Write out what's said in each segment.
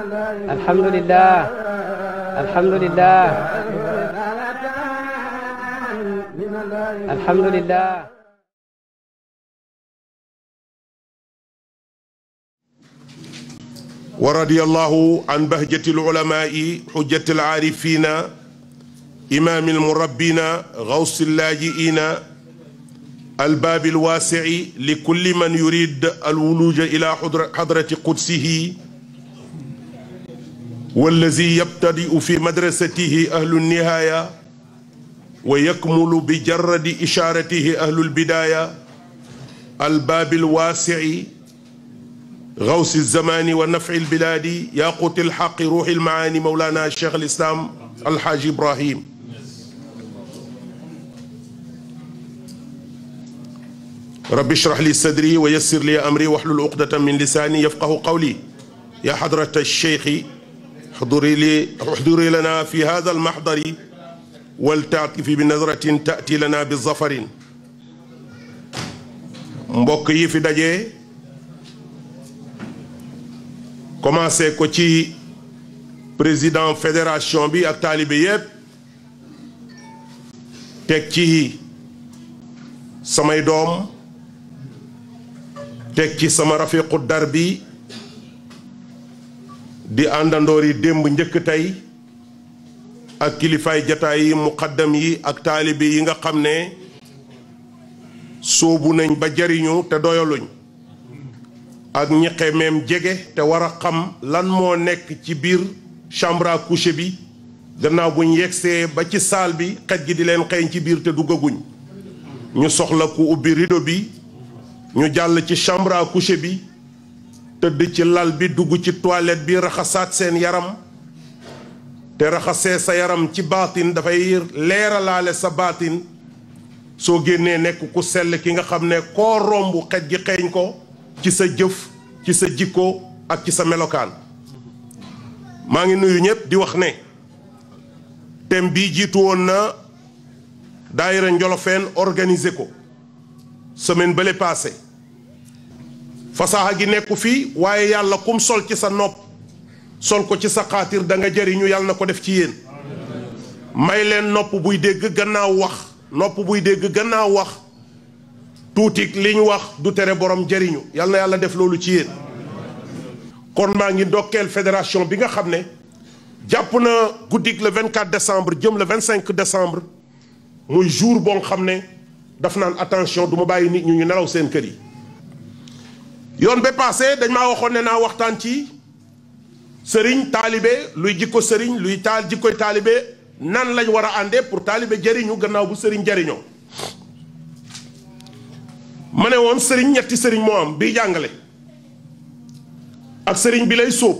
alhamdulillah alhamdulillah alhamdulillah wa radiyallahu an bahjati al-ulama'i hujjati al-arifina imami al-murabbina ghawsi al-laji'ina al-babi al-wasi'i li kulli man yurid al-wuluj ila hadrati qudsihi wallazi yabtadiu fi madrasatihi ahlu nihaaya wa yakmulu bi jarradi ishaaratihi ahlu lbidaaya albaabi lwaasii gawsi lzamaani wa nafi lbilaadi yaaquti lxaqi ruuxi lmacaani mawlaana cheikh alislaam alxaaji ibrahim rabbi shrah li sadri wa yassir li amri waxlul uqdatan min lisaani yafqahu qawli yaa xadrata cheikhi احضري لي احضري لنا في هذا المحضر ولتعطفي بنظرة تأتي لنا بالظفر mbokk yi fi daje commencé ko ci président fédération bi ak taalibe yépp teg ci samay doom teg ci sama rafiqu dar bi di àndandoor yi démb njëkk tey ak kilifaay jataay yi muqaddam yi ak taalibe yi nga xam ne soobu nañ ba jariñu te doyaluñ ak ñeqe meem jege te war a xam lan moo nekk ci biir chambre à coucher bi gannaaw buñ yegsee ba ci saal bi xet gi di leen xeeñ ci biir te duggaguñ ñu soxla ku ubbi rideau bi ñu jàll ci chambre à coucher bi tëdd ci lal bi dugg ci toilette bi raxasaat seen yaram te raxasee sa yaram ci baatin dafay leeralaale sa baatin soo génnee nekk ku sell ki nga xam ne koo romb xet gi xeeñ ko ci sa jëf ci sa jikko ak ci sa melokaan maa ngi nuyu ñëpp di wax ne thème bi jiitu woon na daayira Njolofeen organiser ko semaine bale passé fasaaxa gi nekku fii waaye yàlla kum sol ci sa nopp sol ko ci sa xaatir da nga jëriñu yàlla na ko def ci yéen may leen nopp buy dégg gannaaw wax nopp buy dégg gannaaw wax tuuti li ñu wax du tere borom jëriñu yàlla na yàlla def loolu ci yéen kon maa ngi ndokkeel fédération bi nga xam ne jàpp na guddik le 24 décembre jëm la 25 décembre muy jour boo xam ne daf naan attention du ma bàyyi nit ñu ñu nelaw seen kër yi yoon ba passé dañ ma waxoon ne naa waxtaan ci sëriñ taalibe luy jikko sëriñ luy taal jikkoy taalibe nan lañ war a àndee pour taalibe jariñu gannaaw bu sëriñ jëriñoo ma ne woon sëriñ ñetti sëriñ moo am bii jàngale ak sëriñ bi lay sóob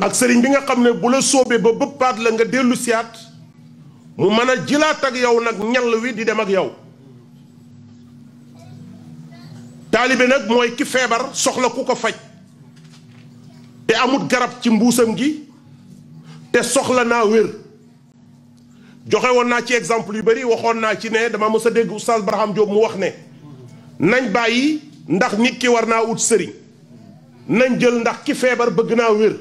ak sëriñ bi nga xam ne bu la sóobee ba bëppaat la nga dellu siyaat mu mën a jilaat ak yow nag ñal wi di dem ak yow taalibe nag mooy ki feebar soxla ku ko faj te amut garab ci mbuusam gi te soxla naa wér joxe woon naa ci exemple yu bari waxoon naa ci ne dama mës a dégg oustaz Barham Diop mu wax ne nañ bàyyi ndax nit ki war naa wut sëriñ nañ jël ndax ki feebar bëgg naa wér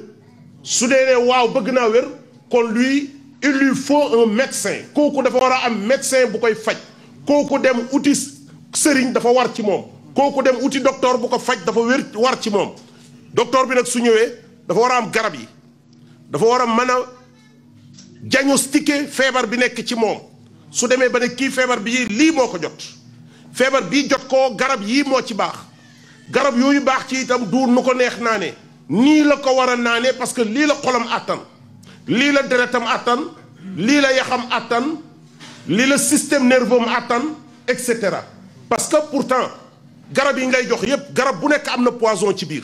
su dee ne waaw bëgg naa wér kon lui il lui faut médecin kooku dafa war a am médecin bu koy faj kooku dem wuti sëriñ dafa war ci moom kooku dem uti docteur bu ko faj dafa wér war ci moom docteur bi nag su ñëwee dafa war a am garab yi dafa war a mën a diagnostiquer feebar bi nekk ci moom su demee ba ne kii feebar bi lii moo ko jot feebar bii jot ko garab yii moo ci baax garab yooyu baax ci itam du nu ko neex naane nii la ko war a naane parce que lii la xolam àttan lii la deretam àttan lii la yaxam àttan lii la système nerveux attan àttan cetera parce que pourtant garab yi ngay jox yépp garab bu nekk am na poison ci biir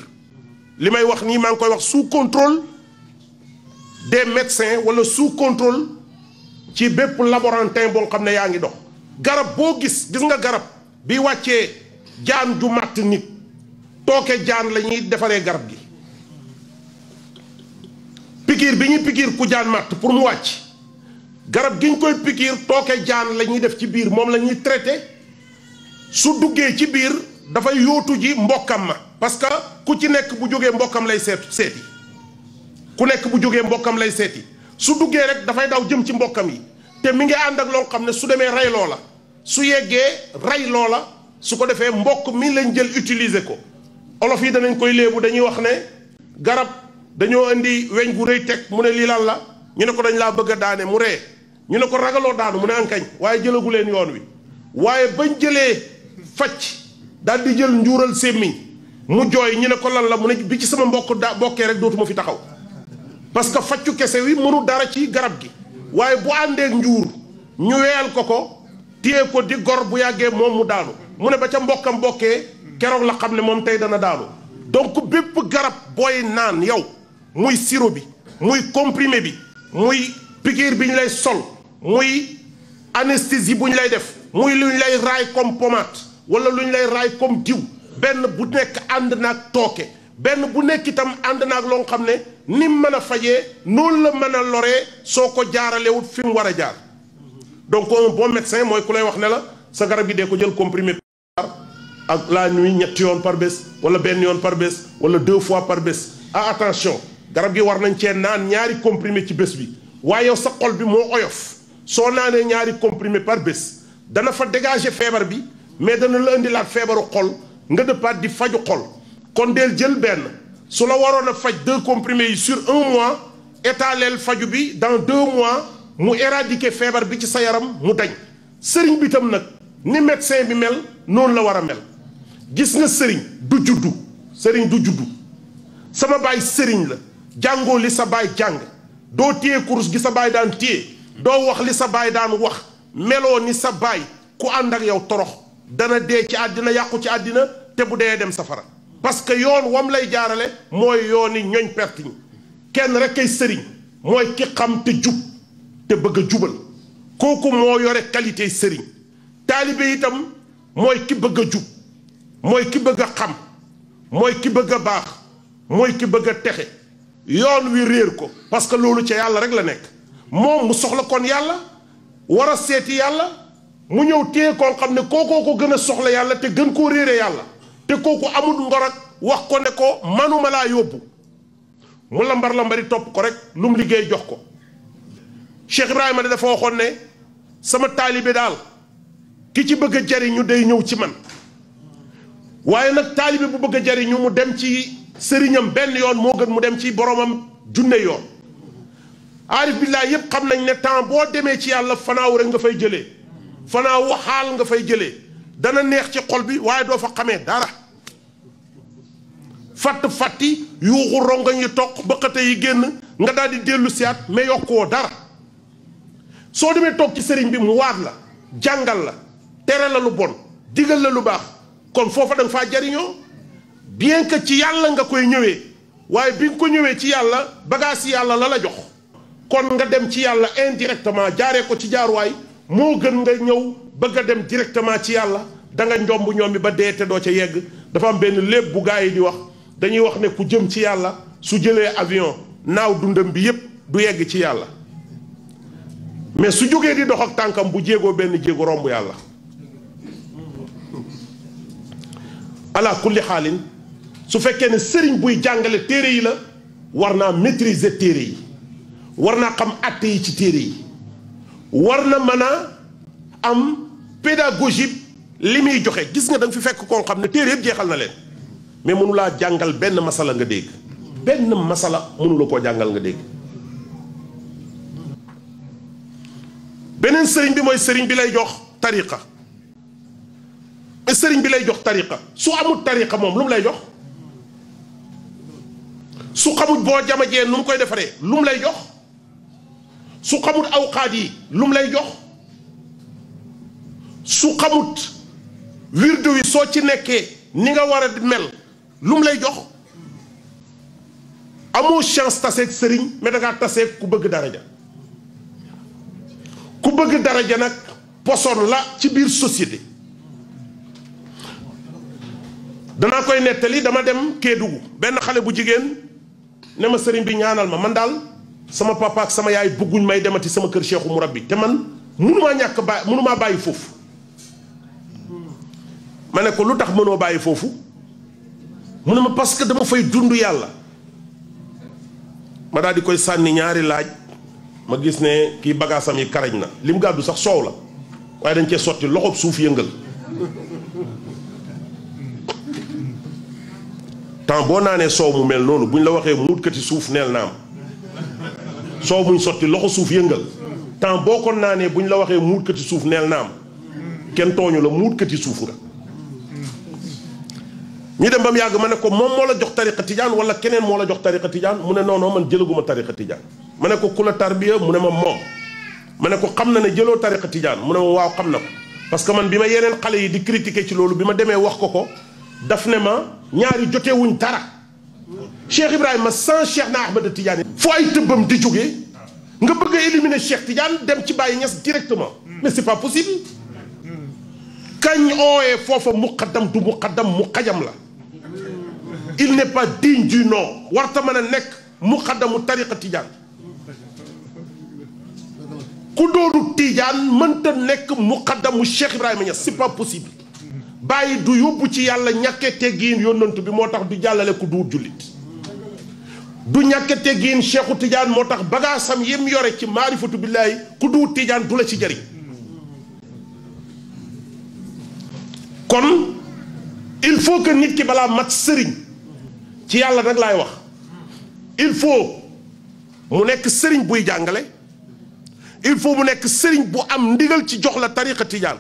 li may wax nii maa ngi koy wax sous contrôle des médecins wala sous contrôle ci bépp laborantin boo xam ne yaa ngi dox garab boo gis gis nga garab bi wàccee jaan ju màtt nit tooke jaan la ñuy defaree garab gi pikiir bi ñuy pikiir ku jaan màtt pour mu wàcc garab gi ñu koy pikiir tooke jaan la ñuy def ci biir moom la ñuy traité su duggee ci biir dafay yootu ji mbokkam ma parce que ku ci nekk bu jógee mbokkam lay seet seeti ku nekk bu jógee mbokkam lay seeti su duggee rek dafay daw jëm ci mbokkam yi te mi ngi ànd ak loo xam ne su demee rey loola su yeggee rey loola su ko defee mbokk mi lañ jël utiliser ko olof yi danañ koy léebu dañuy wax ne garab dañoo indi weñ gu rëy teg mu ne lii laal la ñu ne ko dañ laa bëgg a daane mu ree ñu ne ko ragaloo daanu mu ne ankañ waaye jëlagu leen yoon wi waaye bañ jëlee faj daal di jël njuural sémmiñ mu jooy ñu ne ko lan la mu ne bi ci sama mbokk daa bokkee rek dootuma fi taxaw parce que faccu kese wi mënu dara ci garab gi waaye bu àndeek njuur ñu weyal ko ko téye ko di gor bu yàggee moom mu daanu mu ne ba ca mbokkam bokkee keroog la xam ne moom tey dana daanu donc bépp garab booy naan yow muy siro bi muy comprimé bi muy piqûre bi ñu lay sol muy anesthésie bu ñu lay def muy lu ñu lay raay comme wala lu ñu lay raay comme diw benn bu nekk ànd naag tooke benn bu nekk itam ànd naag loo xam ne ni mu mën a fajee noonu la mën a loree soo ko jaaralewut fi mu war a jaar donc un bon médecin mooy ku lay wax ne la sa garab gi dee ko jël comprimé ak laa nuit ñetti yoon par bés wala benn yoon par bés wala deux fois par bés ah attention garab gi war nañ cee naan ñaari comprimé ci bés bi waaye yow sa xol bi moo oyof soo naanee ñaari comprimé par dana fa dégager feebar bi mais dana la indilaat feebaru xol nga dëppaat di faju xol kon deel jël benn su la waroon a faj deux comprimés yi sur un mois étaleel faju bi dans deux mois mu éradiquer feebar bi ci sa yaram mu dañ sëriñ bi tam nag ni médecin bi mel noonu la war a mel gis nga sëriñ du juddu sëriñ du juddu sama baay sëriñ la jàngoo li sa baay jàng doo téye kurus gi sa baay daan téye doo wax li sa baay daan wax meloo ni sa baay ku ànd ak yow torox dana dee ci àddina yàqu ci àddina te bu dee dem safara parce que yoon wam lay jaarale mooy yooni ñoñ perte ñi kenn rek kay sëriñ mooy ki xam te jub te bëgg a jubal kooku moo yore qualité sëriñ taalibe itam mooy ki bëgg a jub mooy ki bëgg a xam mooy ki bëgg a baax mooy ki bëgg a texe yoon wi réer ko parce que loolu ca yàlla rek la nekk moom mu soxla kon yàlla war a seeti yàlla mu ñëw téye koo xam ne kookoo ko gën a soxla yàlla te gën koo réere yàlla te kooku amul ngor ak wax ko ne ko manuma laa yóbbu mu lambar lambari topp ko rek lu mu liggéey jox ko Cheikh Ibrahima dafa waxoon ne sama taalibe daal ki ci bëgg a ñu day ñëw ci man waaye nag taalibe bu bëgg a jariñu mu dem ci sëriñam benn yoon moo gën mu dem ci boromam junne yoon aarif billaah yépp xam nañ ne temps boo demee ci yàlla fanaaw rek nga fay jëlee fanaa waxaal nga fay jëlee dana neex ci xol bi waaye doo fa xamee dara fatt fatti yuuxu rongoñ yi toq bëqate yi génn nga daal di dellu siyaat mais yokkuwoo dara soo demee toog ci sëriñ bi mu waat la jàngal la tere la lu bon digal la lu baax kon foofa da faa jariñoo bien que ci yàlla nga koy ñëwee waaye bi nga ko ñëwee ci yàlla bagaas yàlla la la jox kon nga dem ci yàlla indirectement jaaree ko ci jaaruwaay moo gën nga ñëw bëgg a dem directement ci yàlla danga nga njomb ñoom bi ba dee te doo ca yegg dafa am benn léeb bu gaa yi di wax dañuy wax ne ku jëm ci yàlla su jëlee avion naaw dundam bi yépp du yegg ci yàlla mais su jógee di dox ak tànkam bu jéegoo benn jéego romb yàlla ala kulli xaalin su fekkee ne sëriñ buy jàngale téere yi la war naa maîtriser téere yi war naa xam àtte yi ci téere yi war na mën a am pédagogie li muy joxe gis nga da nga fi fekk koo xam ne téere jeexal na leen mais mënu laa jàngal benn masala nga dégg benn masala mënu la koo jàngal nga dégg. beneen sëriñ bi mooy sëriñ bi lay jox tariqa sëriñ bi lay jox tariqa su amul tariqa moom lu mu lay jox su xamul boo jama jamajee nu mu koy defaree lu mu lay jox. su xamut awqaat yi lu mu lay jox su xamut wirdu wi soo ci nekkee ni nga war a mel lu mu lay jox amoo chance taseeg sëriñ mais taseeg ku bëgg daraja ku bëgg daraja nag poson la ci biir société danaa koy nettali dama dem Kédougou benn xale bu jigéen ne ma sëriñ bi ñaanal ma man daal sama papa sama yaay bëgguñ may demati sama kër seexu mu rab bi te man maa ñàkk ba maa bàyyi foofu ma ne ko lu tax mënoo bàyyi foofu mu ne ma parce que dama fay dund yàlla ma daal di koy sànni ñaari laaj ma gis ne kii bagaasam yi karañ na li mu gàddu sax soow la waaye dañ cee sotti loxob suuf yëngal temps boo naanee soow mu mel noonu buñ la waxee muut kati suuf neel am soo buñ sotti loxo suuf yëngal temps boo ko naanee buñ la waxee muutkati suuf neel naam kenn tooñu la muutkati suufu nga ñu dem ba mu yàgg ma ne ko moom moo la jox tariqa tijaan wala keneen moo la jox tariqa tijaan mu ne non man jëlaguma tariqa tijaan ma ne ko ku la tarbiya mu ne ma moom ma ne ko xam na ne jëloo tariqa tijaan mu ne ma waaw xam na ko parce que man bi ma yeneen xale yi di critiquer ci loolu bi ma demee wax ko ko daf ne ma ñaari jotewuñ dara Cheikh Ibrahima sans Cheikh na Ahmed Tidiane. foo ay tëbbam di jógee nga bëgg a éliminer Cheikh dem ci Baye Niass directement mais c'est pas possible kañ ooyee foofa muqaddam du muqaddam mu xajam la il n'est pas digne du nom warta mën a nekk muqaddamu tariqa Tidiane ku doonu Tidiane mënta nekk mu Cheikh Ibrahima Niass c'est pas possible bàyyi du yóbbu ci yàlla ñàkkee teggiin yónnant bi moo tax du jàllale ku duur jullit du ñàkk teggin Cheikhu Tidiane moo tax bagaasam yim yore ci maarifatu billaahi ku du Tidiane du la ci jëriñ kon il faut que nit ki balaa mat sëriñ ci yàlla nag laay wax il faut mu nekk sëriñ buy jàngale il faut mu nekk sëriñ bu am ndigal ci jox la tariqa Tidiane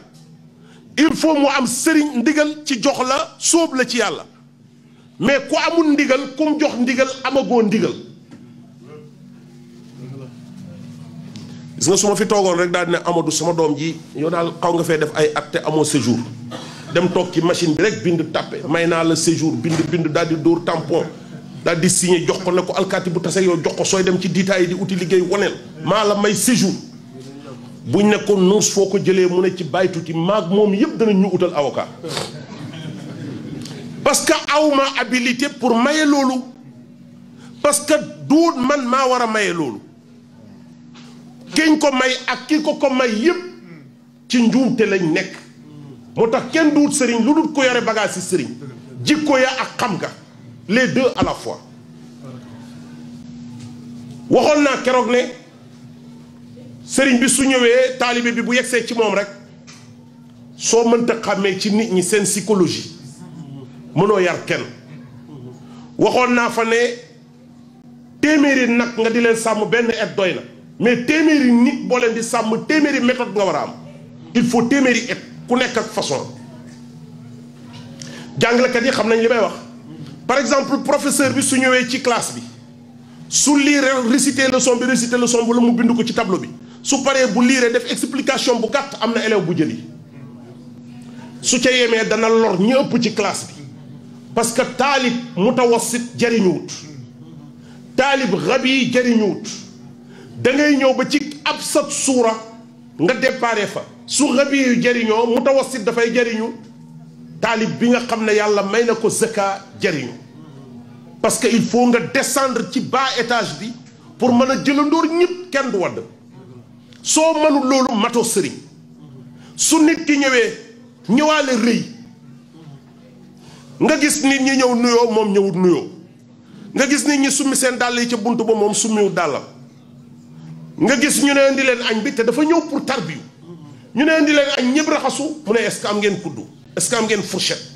il faut mu am sëriñ ndigal ci jox la sóob la ci yàlla mais ku amul ndigal kum jox ndigal amagoo ndigal gis nga su ma fi toogoon rek daal di ne Amadou sama doom ji yow daal xaw nga fee def ay at te amoo séjour dem toog ci machine bi rek bind tàppe may naa la séjour bind bind daal di dóor tampon daal di signé jox ko ne ko alkaati bu tase yow jox ko sooy dem ci diitaay yi di uti liggéey woneel maa la may séjour buñ ne ko nuus foo ko jëlee mu ne ci baytu ci maag moom yëpp danañ ñu utal avocat parce que awma habilité pour maye loolu parce que duut man maa war a maye loolu kiñ ko may ak ki ko ko may yépp ci njuumte lañ nekk moo tax kenn duut sëriñ lu dul ko yore bagage si sëriñ jikko ya ak xam nga les deux à la fois waxoon naa keroog ne sëriñ bi su ñëwee taalibe bi bu yegsee ci moom rek soo mënta xàmmee ci nit ñi seen psychologie mënoo yar kenn waxoon naa fa ne téeméeri nag nga di leen sàmm benn et doy na mais téeméeri nit boo leen di sàmm téeméeri méthode nga war a am il faut téeméeri et ku nekk ak façon jàngalekat yi xam nañ li may wax par exemple professeur bi su ñëwee ci classe bi su liiree réciter leçon bi réciter leçon wala mu bind ko ci tableau bi su paree bu liire def explication bu gàtt am na élève bu jëli su ca yemee dana lor ñu ëpp ci classe bi parce que taalib mutawassit jariñuwut taalib rabi jariñuwut da ngay ñëw ba ci ab sat suura nga déparé fa su rabi yu jariñoo mutawassit dafay jariñu taalib bi nga xam ne yàlla may na ko zaka jariñu parce que il faut nga descendre ci bas étage bi pour mën a jëlandoor ñëpp kenn du wadd soo mënul loolu matoo sëriñ su nit ki ñëwee ñëwaale rëy nga gis nit ñi ñëw nuyoo moom ñëwut nuyoo nga gis nit ñi summi seen dàll yi ca bunt ba moom summiwut dàllam nga gis ñu ne di leen añ bi te dafa ñëw pour tarbiyu ñu ne di leen añ ñëpp raxasu mu ne est am ngeen kuddu est que am ngeen fourchette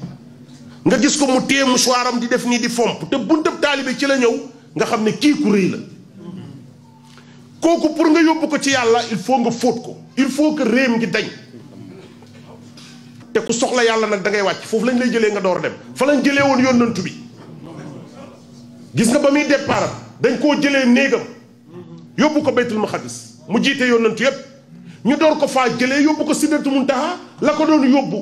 nga gis ko mu téye mouchoir am di def nii di fomp te buntab taalibe ci la ñëw nga xam ne kii ku rëy la kooku pour nga yóbbu ko ci yàlla il faut nga fóot ko il faut que réem ngi dañ te ku soxla yàlla nag da ngay wàcc foofu lañ lay jëlee nga door dem fa lañ jëlee woon yónnantu bi gis nga ba muy départ dañ koo jëlee néegam yóbbu ko baytul maqadis mu jiite yónnantu yépp ñu door ko faa jëlee yóbbu ko sidratu muntaha la ko doon yóbbu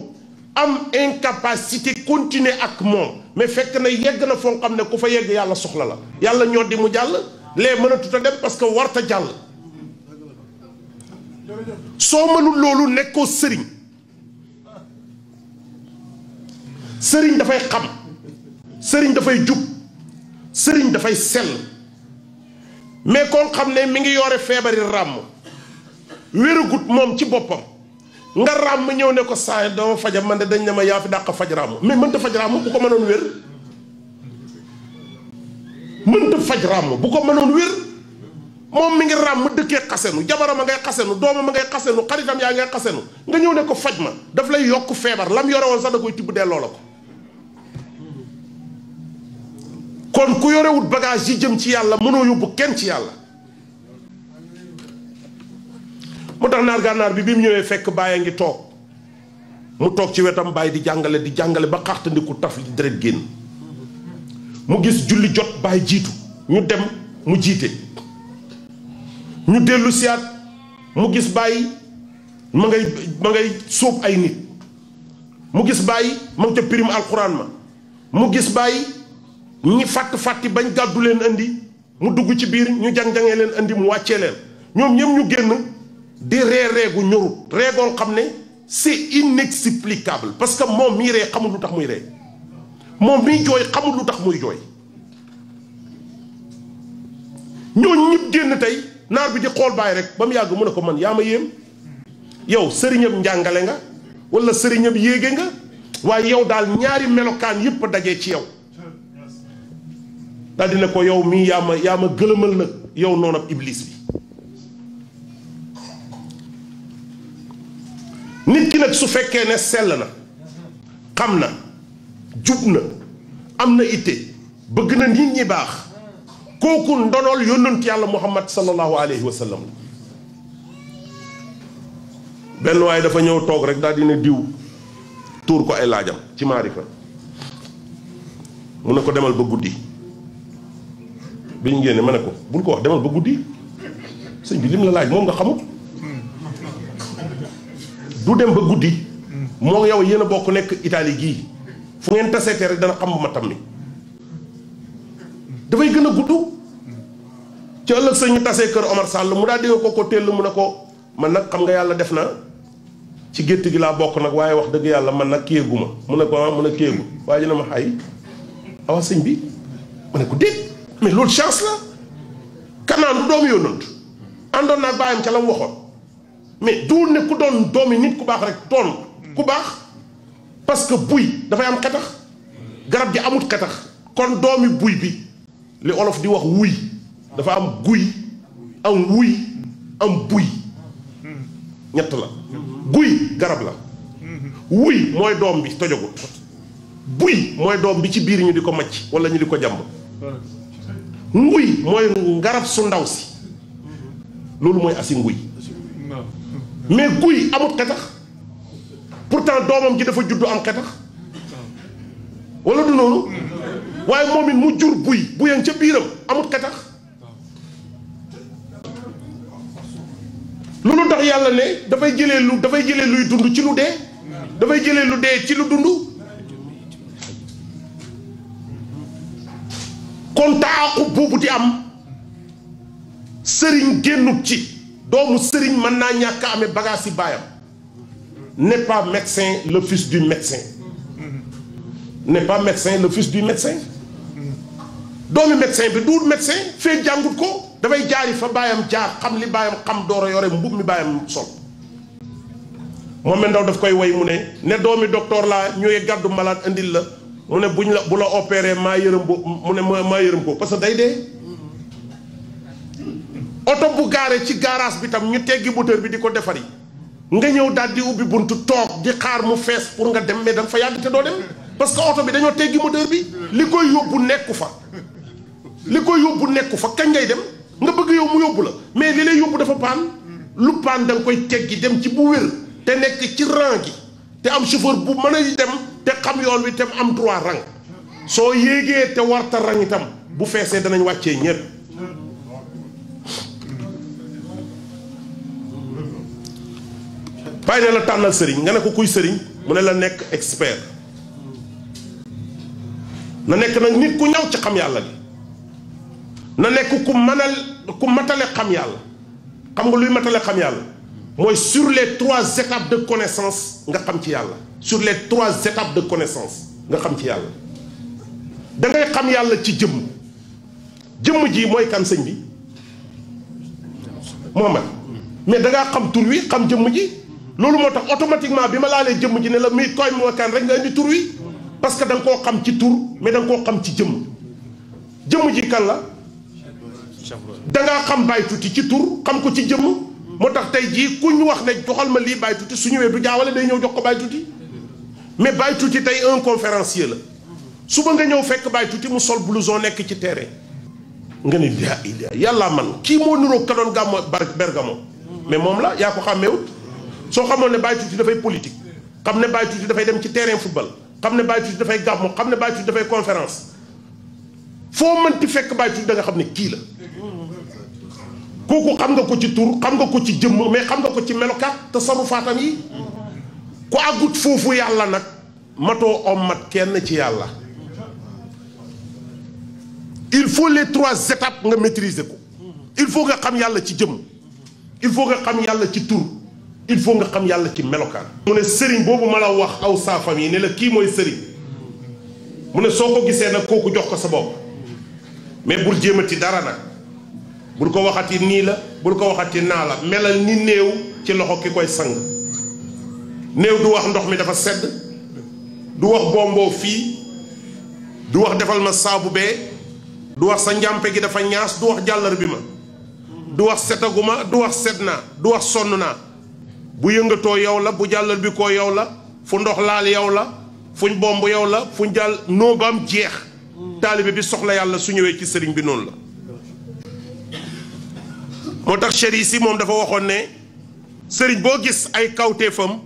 am incapacité continuer ak moom mais fekk na yegg na foo xam ne ku fa yegg yàlla soxla la yàlla ñoo di mu jàll lee mënatut a dem parce que warta jàll soo mënul loolu nekkoo sëriñ sëriñ dafay xam sëriñ dafay jub sëriñ dafay sell mais koo xam ne mi ngi yore feebari ràmm wérugut moom ci boppam nga ràmm ñëw ne ko saa dama faja man de dañ ne ma yaa fi dàq faj ràmm mais mënta faj ràmm bu ko mënoon wér mënta faj ràmm bu ko mënoon wér moom mi ngi ràmm dëkkee xasenu jabaram a ngay xasenu doomam a ngay xasenu xaritam yaa ngay xasenu nga ñëw ne ko faj ma daf lay yokk feebar lam yore woon sax da koy tibb delloo la ko kon ku yorewut bagage yi jëm ci yàlla mënoo yóbbu kenn ci yàlla mu tax naar gànnaar bi bi mu ñëwee fekk bàyyi a ngi toog mu toog ci wetam bàyyi di jàngale di jàngale ba xaxtandiku taf li deret génn mu gis julli jot bàyyi jiitu ñu dem mu jiite ñu dellu siyaat mu gis bàyyi ma ngay ma ngay sóob ay nit mu gis bàyyi ma ca pirim alxuraan ma mu gis bàyyi ñi fàtt fàtti bañ gàddu leen andi mu dugg ci biir ñu jang-jangee leen indi mu wàccee leen ñoom ñëpp ñu génn di ree reegu ñorut reegoon xam ne c'est inexplicable parce que moom mii ree xamul lu tax muy ree moom mii jooy xamul lu tax muy jooy ñooñu ñëpp génn tey naar bi di xool baay rek ba mu yàgg mun ne ko man yaa ma yéem yow sëriñam njàngale nga wala sëriñam yéege nga waaye yow daal ñaari melokaan yëpp dajee ci yow daal na ko yow mii yaa ma yaa ma gëlëmal nag yow noonu ab iblis bi nit ki nag su fekkee ne sell na xam na jub na am na itte bëgg na nit ñi baax kooku ndonool yónnant yàlla muhammad sallallahu alayhi wa sallam benn waaye dafa ñëw toog rek daal dina diw tuur ko ay laajam ci maarifa mu ne ko demal ba guddi bi ñu génne ma ne ko bul ko wax demal ba guddi sëñ bi lim la laaj moom nga xamul du dem ba guddi moo yow yéen a bokk nekk Italie gii fu ngeen tasee rek dana xam bu ma tam ni dafay gën a gudd ci ëllëg sëñ ñu tasee kër Omar Sall mu daal di ko ko teel mu ne ko man nag xam nga yàlla def na ci gétt gi laa bokk nag waaye wax dëgg yàlla man nag kéegu ma mu ne ko ah mu ne kéegu waaye dina ma xay awa sëñ bi ma ne ko mais loolu chance la kanaan doom doomu yónnant àndoon naa bàyyam ca la mu waxoon mais duul ne ku doon doomi nit ku baax rek doon ku baax parce que buy dafay am xetax garab gi amut xetax kon doomi buy bi li olof di wax wuy dafa am guy am wuy am buy ñett la guy garab la wuy mooy doom bi tojogut buy mooy doom bi ci biir ñu di ko macc wala ñu di ko jàmb nguy mooy ngarab su ndaw si loolu mooy asi nguy mais guy amut xetax pourtant doomam ji dafa juddu am xetax wala du noonu waaye moom it mu jur buy buyan ca biiram amut xetax loolu tax yàlla ne dafay jëlee lu dafay jëlee luy dund ci lu dee dafay jëlee lu dee ci lu dund kon taaxu boobu di am sëriñ génnut ci doomu sëriñ mën naa ñàkk amee bagage ci baayam n'est médecin le fils du médecin n'est pas médecin le fils du médecin doomi médecin bi duul médecin fee jàngut ko dafay jaari fa baayam jaar xam li baayam xam door a yore mbub mi baayam sol moom me ndaw daf koy woy mu ne ne doomi docteur laa ñooy gàddu malaat indil la mu ne bu ñu la bu la opéré maa yërëm boobu mu ne maa yërëm ko parce que day dee oto bu gaare ci gaaraas bi tam ñu teggi moteur bi di ko defari nga ñëw daal di ubbi buntu toog di xaar mu fees pour nga dem mais danga fa yàgg te doo dem parce que oto bi dañoo teggi moteur bi li koy yóbbu nekku fa li koy yóbbu nekku fa kañ ngay dem nga bëgg yow mu yóbbu la mais li lay yóbbu dafa paan lu paan da koy teggi dem ci bu wér te nekk ci rang gi te am chauffeur bu mën a dem te xam yoon wi te am droit rang soo yéegee te warta rang itam bu feesee danañ wàccee ñépp bàyyi ne la tànnal sëriñ nga ne ko kuy sëriñ mu ne la nekk expert na nekk nag nit ku ñaw ci xam yàlla bi na nekk ku manal ku matale xam yàlla xam nga luy matale xam yàlla mooy sur les trois étapes de connaissance nga xam ci yàlla sur les trois étapes de connaissance nga xam ci yàlla dangay xam yàlla ci jëmm jëmm ji mooy kan sëñ bi Mohamed mais da ngaa xam tur wi xam jëmm ji loolu moo tax automatiquement bi ma laalee jëmm ji ne la muy koy moo kan rek nga indi tur wi parce que da nga koo xam ci tur mais da koo xam ci jëmm jëmm ji kan la da ngaa xam bàyyi tuuti ci tur xam ko ci jëmm moo tax tey jii ku ñu wax ne joxal ma lii Baye Tuuti su ñëwee du jaawale day ñëw jox ko Baye Tuuti mais Baye Tuuti tey un conférencier la suba nga ñëw fekk Baye Tuuti mu sol blouson nekk ci terrain. nga ne lia ilia yàlla man kii moo niroog ka doon gàmmo Bergamo mais moom la yaa ko xàmmeewut soo xamoon ne Baye Tuuti dafay politique xam ne Baye Tuuti dafay dem ci terrain football xam ne Baye Tuuti dafay gàmmo xam ne Baye Tuuti dafay conférence foo mënti fekk Baye Tuuti da nga xam ne kii la kooku xam nga ko ci tur xam nga ko ci jëmm mais xam nga ko ci melokaat tasarufaatam yi ku àggut foofu yàlla nag matoo mat kenn ci yàlla il faut les trois étapes nga maîtriser ko il faut nga xam yàlla ci jëmm il faut nga xam yàlla ci tur il faut nga xam yàlla ci melokaan mu ne sëriñ boobu ma la wax aw saafam yi ne la kii mooy sëriñ mu ne soo ko gisee nag kooku jox ko sa bopp mais bul jéemati dara nag bul ko waxati nii la bul ko waxati naa la melal ni néew ci loxo ki koy sang néew du wax ndox mi dafa sedd du wax bomboo fii du wax defal ma saabu bee du wax sa njàmpe gi dafa ñaas du wax jàllar bi ma du wax setaguma du wax sedd naa du wax sonn naa bu yëngatoo yow la bu jàllar bi koo yow la fu ndox laal yow la fuñ bomb yow la fuñ jàll noo ba am jeex taalibe bi soxla yàlla su ñëwee ci sëriñ bi noonu la moo tax chéri si moom dafa waxoon ne sëriñ boo gis ay kawteefam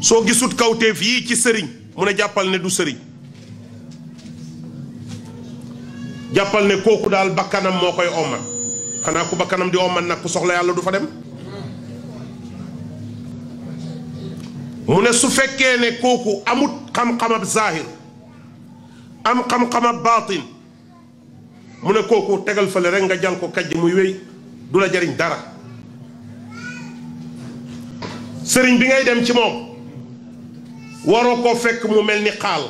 soo gisut kawteef yii ci sëriñ mu ne jàppal ne du sëriñ jàppal ne kooku daal bakkanam moo koy ommal xanaa ku bakkanam di ommal nag ku soxla yàlla du fa dem mu ne su fekkee ne kooku amut xam-xamab zahir am xam-xamab baatin mu ne kooku tegal fale rek nga jal ko kajj muy wéy du la jariñ dara sëriñ bi ngay dem ci moom waroo koo fekk mu mel ni xaal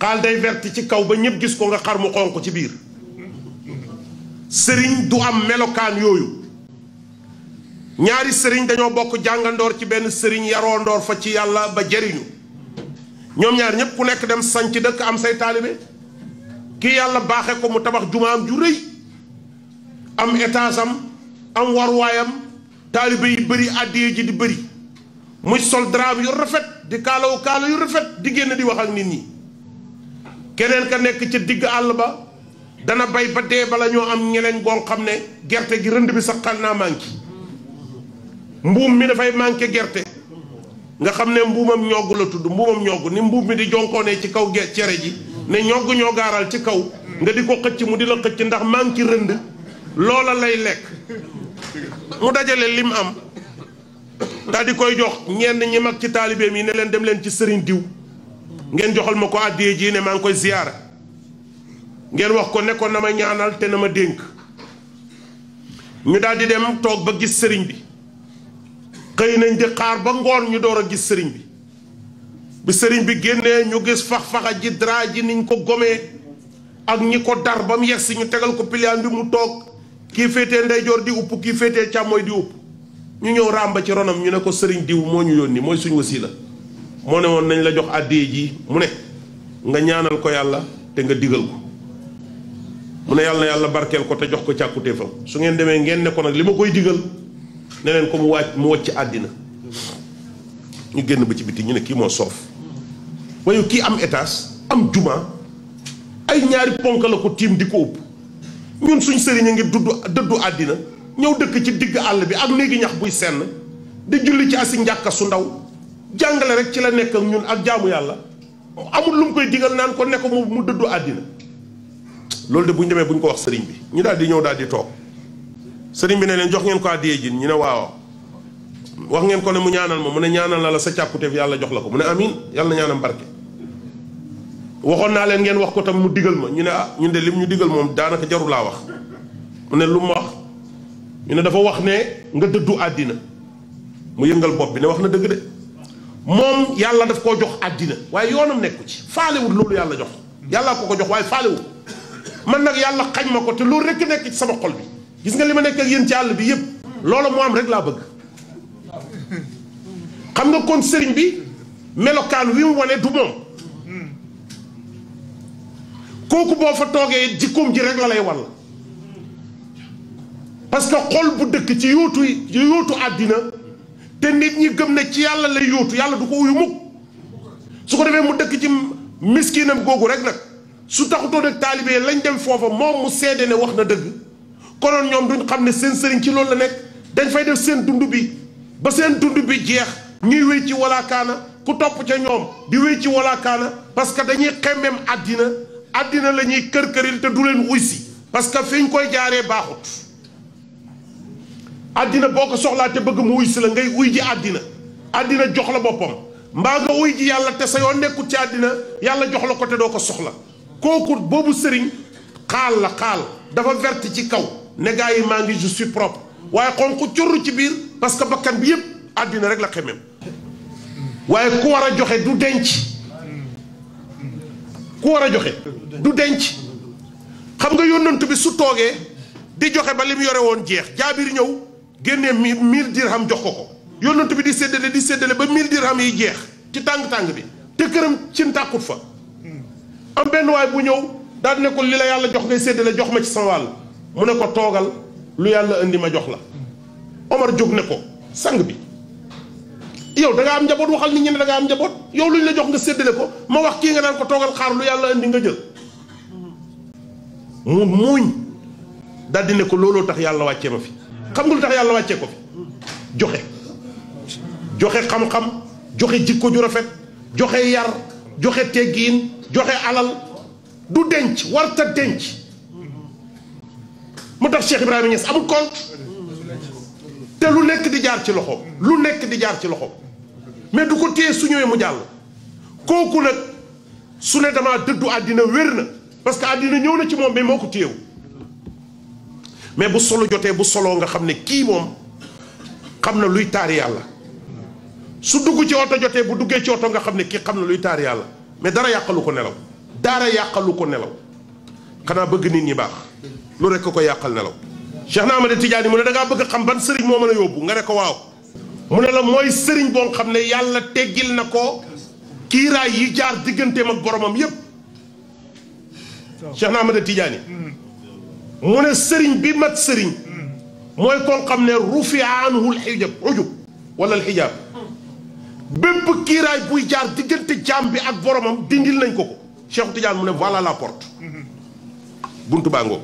xaal day verti ci kaw ba ñépp gis ko nga xar mu xonq ci biir sëriñ du am melokaan yooyu ñaari sëriñ dañoo bokk jàngandoor ci benn sëriñ yaroondoor fa ci yàlla ba jariñu ñoom ñaar ñëpp ku nekk dem sanc dëkk am say taalibe ki yàlla baaxe ko mu tabax jumaam ju rëy am étage am am warwaayam taalibe yi bëri àddiyee ji di bëri muy sol drap yu rafet di kaalawu kaala yu rafet di génn di wax ak nit ñi keneen ka nekk ca digg àll ba dana bay ba dee bala ñoo am ñeneen goo xam ne gerte gi rënd bi sax xal naa manqué mbuum mi dafay manqué gerte nga xam ne mbuumam ñogg la tudd mbuumam ñogg ni mbuum mi di jonkoonee ci kaw cere ji ne ñoggu ñoo gaaral ci kaw nga di ko xëcc mu di la xëcc ndax maa ngi ci rënd loola lay lekk mu dajale lim am daal di koy jox ñenn ñi mag ci taalibeem yi ne leen dem leen ci sëriñ diw ngeen joxal ma ko àddiyee ji ne maa ngi koy ziyaara ngeen wax ko ne ko na ma ñaanal te na ma dénk ñu daal dem toog ba gis sëriñ bi xëy nañ di xaar ba ngoon ñu door a gis sëriñ bi bi sëriñ bi génnee ñu gis fax-faxa ji draa ji niñ ko gomee ak ñi ko dar ba mu yegg si ñu tegal ko piliyaan bi mu toog kii féetee ndeyjoor di upp kii féetee càmmooy di upp ñu ñëw ràmba ci ronam ñu ne ko sëriñ diw moo ñu yónni mooy suñu wasiila moo ne woon nañ la jox àddee ji mu ne nga ñaanal ko yàlla te nga digal mu ne yàlla yàlla barkeel ko jox ko càkkutéefam su ngeen demee ngeen ne nag li ma koy digal ne leen ko mu wàcc mu wàcc àddina ñu génn ba ci biti ñu ne kii moo soof waaye kii am étage am juma ay ñaari ponk la ko tiim di ko ëpp ñun suñ sëriñ a ngi duddu dëddu àddina ñëw dëkk ci digg àll bi ak néegi ñax buy senn di julli ci asi njàkka su ndaw jàngale rek ci la nekk ak ñun ak jaamu yàlla amul lu mu koy digal naan ko ne ko mu dëddu àddina loolu de bu ñu demee bu ñu ko wax sëriñ bi ñu daal di ñëw daal di toog sëriñ bi ne leen jox ngeen ko àddiyee ji ñu ne waaw wax ngeen ko ne mu ñaanal ma mu ne ñaanal na la sa càkkuteef yàlla jox la ko mu ne amin yàlla na ñaanam waxoon naa leen ngeen wax ko tam mu digal ma ñu ne ah de lim ñu digal moom daanaka jarul laa ne lu mu wax ñu ne dafa wax ne nga dëddu àddina mu yëngal bopp bi ne wax na dëgg de moom yàlla daf koo jox àddina waaye yoonam nekku ci faalewul loolu yàlla jox yàllaa ko ko jox waaye faalewul man nag yàlla xañ ma ko te loolu rekk nekk ci sama xol bi gis nga li ma nekk ak yéen ci àll bi yëpp loola moo am rek bëgg xam nga kon sëriñ bi melokaan wi mu wane du moom kooku boo fa toogee jikkoom ji rek la lay walla parce que xol bu dëkk ci yóotu yóotu àddina te nit ñi gëm ne ci yàlla lay yóotu yàlla du ko uyu mukk su ko defee mu dëkk ci miskinam googu rek nag su taxutoon ak taalibe lañ dem foofa moom mu seede wax na dëgg konoon ñoom duñ xam ne seen sëriñ ci loolu la nekk dañ fay def seen dund bi ba seen dund bi jeex ñuy wéy ci walaakaana ku topp ca ñoom di wéy ci walaakaana parce que dañuy xemeem àddina àddina la ñuy kër-këril te du leen uy si parce que fi koy jaaree baaxut àddina boo ko soxlaa te bëgg mu uy si la ngay uy ji àddina àddina jox la boppam mbaa nga uy ji yàlla te sa yoo nekkut ci àddina yàlla jox la ko te doo ko soxla kooku boobu sëriñ xaal la xaal dafa verte ci kaw ne gaa yi maa ngi je suis propre waaye xonq curr ci biir parce que bakkan bi yépp àddina rek la xemem waaye ku war a joxe du denc ku war a joxe du denc xam nga yónnantu bi su toogee di joxe ba li mu yore woon jeex jaabir ñëw génnee mille mille dirham jox ko ko yónnantu bi di séddale di séddale ba mille dirham yi jeex ci tàng-tàng bi te këram ci ntàkkut fa am benn waay bu ñëw daal ne ko li la yàlla jox ngay séddale jox ma ci sama wàll mu ne ko toogal lu yàlla indi ma jox la Omar jóg ne ko sang bi yow da am njaboot waxal nit ñi ne da nga am njaboot yow lu ñu la jox nga séddale ko ma wax kii nga naan ko toogal xaar lu yàlla indi nga jël mu muuñ daal di ne ko looloo tax yàlla wàccee ma fi xam nga lu tax yàlla wàccee ko fi joxe joxe xam-xam joxe jikko ju rafet joxe yar joxe teggiin joxe alal du denc warta denc mu tax Cheikh Ibrahima Niass amul compte te lu nekk di jaar ci loxo lu nekk di jaar ci loxo mais du ko téye su ñëwee mu jàll kooku nag su ne damaa dëddu àddina wér na parce que àddina ñëw na ci moom mais moo ko téyewu mais bu solo jotee bu soloo nga xam ne kii moom xam na luy taar yàlla su dugg ci jotee bu duggee ci nga xam ne kii xam na luy taar mais dara yàqalu ko nelaw dara yàqalu ko nelaw xanaa bëgg nit ñi baax lu rekk ko yàqal nelaw Cheikh na Ahmada Tidiane mu ne da ngaa bëgg xam ban sëriñ moo mën a yóbbu nga ne ko waaw mu ne la mooy sëriñ boo xam ne yàlla teggil na ko kiiraay yi jaar digganteem ak boromam yépp Cheikh na Ahmada Tidiane mu ne sëriñ bi mat sëriñ mooy koo xam ne rufi anhu alxijab ujub wala alxijaab bépp kiiraay buy jaar diggante jaam bi ak boromam dindil nañ ko ko Cheikh Tidiane mu ne voilà la porte buntu baa ngoog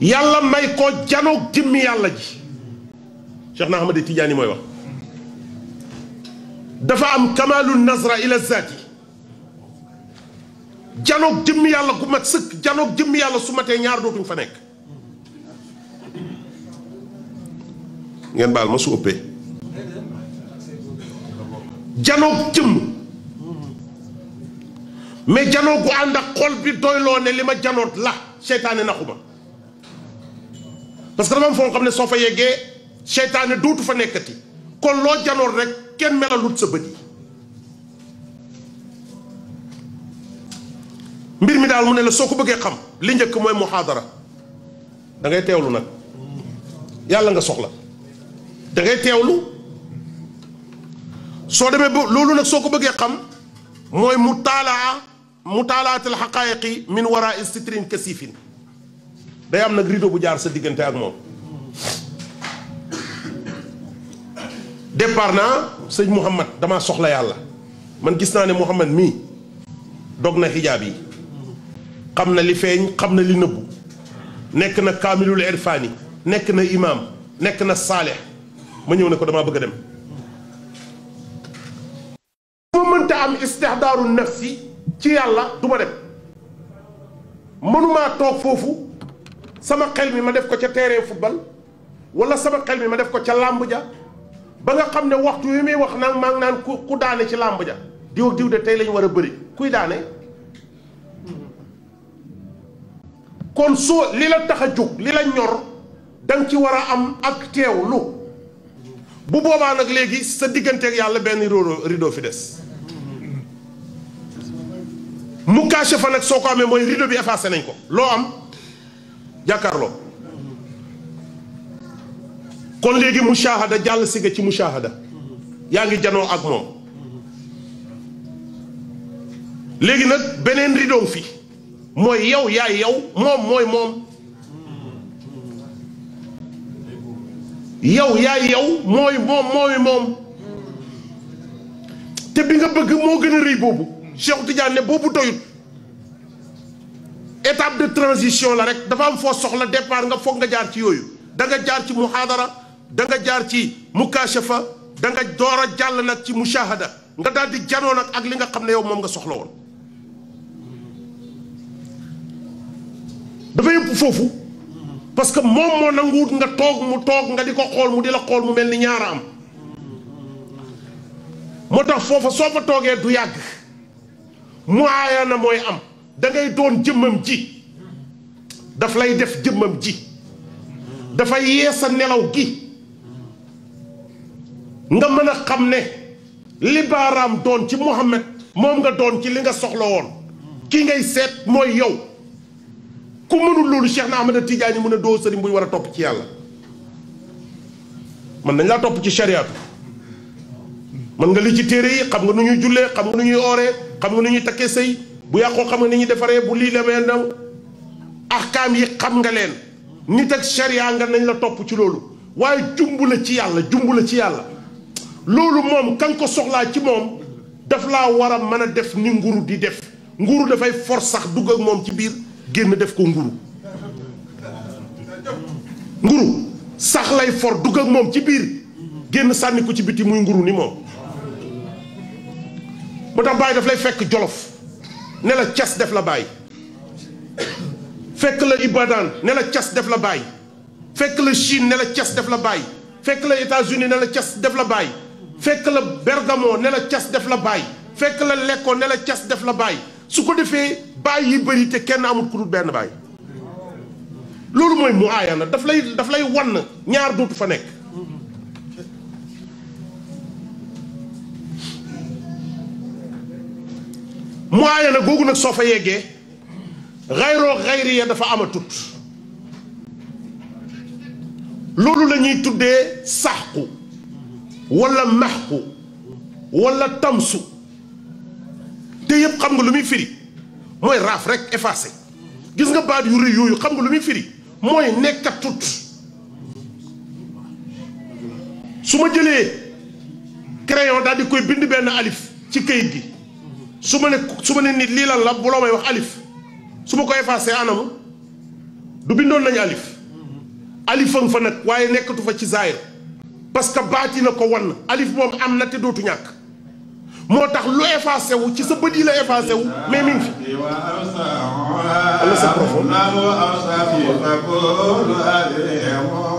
yàlla may ko janoog jëmmi yàlla ji Cheikh na Ahmad Tidiane mooy wax dafa am kamalu nazra ila zaati janoog jëmmi yàlla gu mat sëkk janoog jëmmi yàlla su matee ñaar dootuñ fa nekk ngeen baal ma jëmm mais janoo gu ànd ak xol bi doyloo ne li ma janoot la seytaane naxu ma parce que dafa am foo xam ne soo fa yeggee seytaane dootu fa nekkati kon loo janoon rek kenn melalut sa bët yi mbir mi daal mu ne la soo ko bëggee xam li njëkk mooy muhaadara da ngay teewlu nag yàlla nga soxla dangay ngay teewlu soo demee ba loolu nag soo ko bëggee xam mooy mu taalaa mu taalaatil xaqaayiqi min waraa istitrin kasifin day am nag rideau bu jaar sa diggante ak moom départ naa sëñ Mouhamad damaa soxla yàlla man gis naa ne Mouhamad mii dog na xijaab yi xam na li feeñ xam na li nëbbu nekk na kaamilul irfaani nekk na imaam nekk na saalex ma ñëw ne ko damaa bëgg a dem ma mënta am istixdaaru nafsi ci yàlla du ma dem mënumaa toog foofu sama xel mi ma def ko ca terrain football wala sama xel mi ma def ko ca làmb ja ba nga xam ne waxtu yi muy wax naa maa ngi naan ku ku daane ci làmb ja diw diw de tey lañu war a bari kuy daane kon soo li la tax a jóg li la ñor danga ci war a am ak teewlu bu boobaa nag léegi sa digganteeg yàlla benn rido rido fi des mu caché fa nag soo ko amee mooy rido bi effacé nañ ko loo am jàkkaarloo kon léegi mushahada jàll si nga ci mushahada yaa ngi janoo ak moom léegi nag beneen ridoom fii mooy yow yaay yow moom mooy moom yow yaay yow mooy moom mooy moom te bi nga bëgg moo gën a rëy boobu Cheikh Tidiane ne boobu doyut étape de transition la rek dafa am foo soxla départ nga foog nga jaar ci yooyu danga jaar ci muhaadara da nga jaar ci mukashafa da nga door a jàll nag ci mushahada nga daal di janoo nag ak li nga xam ne yow moom nga soxla woon dafa yëpp foofu parce que moom moo nanguwut nga toog mu toog nga di ko xool mu di la xool mu mel ni ñaara am moo tax foofa soo fa toogee du yàgg mu aaya na mooy am da ngay doon jëmmam ji daf lay def jëmmam ji dafa yee sa nelaw gi nga mën a xam ne li baaraam doon ci Muhammad moom nga doon ci li nga soxla woon ki ngay seet mooy yow ku mënul loolu Cheikh na Ahmada Tidiane mun a doo sëriñ buy war a topp ci yàlla mën nañ laa topp ci sharia bi mën nga li ci téere yi xam nga nu ñuy jullee xam nga nu ñuy ooree xam nga nu ñuy takkee sëy bu yàqoo xam nga ni ñuy defaree bu lii demee naw ahkaam yi xam nga leen nit ak sharia nga nañ la topp ci loolu waaye jumbu la ci yàlla jumbu la ci yàlla loolu moom kan ko soxlaa ci moom daf laa war a mën a def ni nguru di def nguru dafay force sax dugg ak moom ci biir génn def ko nguru nguru sax lay for dugg ak moom ci biir génn sànni ko ci biti muy nguru ni moom moo tax bàyyi daf lay fekk jolof ne la cas def la bàyyi fekk la Ibadan ne la cas def la bàyyi fekk la Chine ne la cas def la bàyyi fekk la États-Unis ne la cas def la bàyyi fekk la Bergamo ne la cas def la bàyyi fekk la Lecco ne la cas def la bàyyi su ko defee bàyyi yi bëri te kenn amul ku dul benn bàyyi loolu mooy mu aayana daf lay daf lay wann ñaar dootu fa nekk muaayana googu nag soo fa yeggee xayroo xayri ya dafa amatut loolu la ñuy tuddee saxqu wala maxqu wala tamsu te yëpp xam nga lu muy firi mooy raaf rek effacé gis nga baat yu rëy yooyu xam nga lu muy firi mooy nekkatut su ma jëlee crayon daal di koy bind benn alif ci kayit gi su ma ne su ma ne nit lii lan la bu loo may wax alif su ma ko effacé anama du bindoon nañu alif alifam fa nag waaye nekkatu fa ci zaahir parce que baati na ko won alif moom am na te dootu ñàkk moo tax lu effacé wu ci sa bët yi la effacé wu mais mi fi.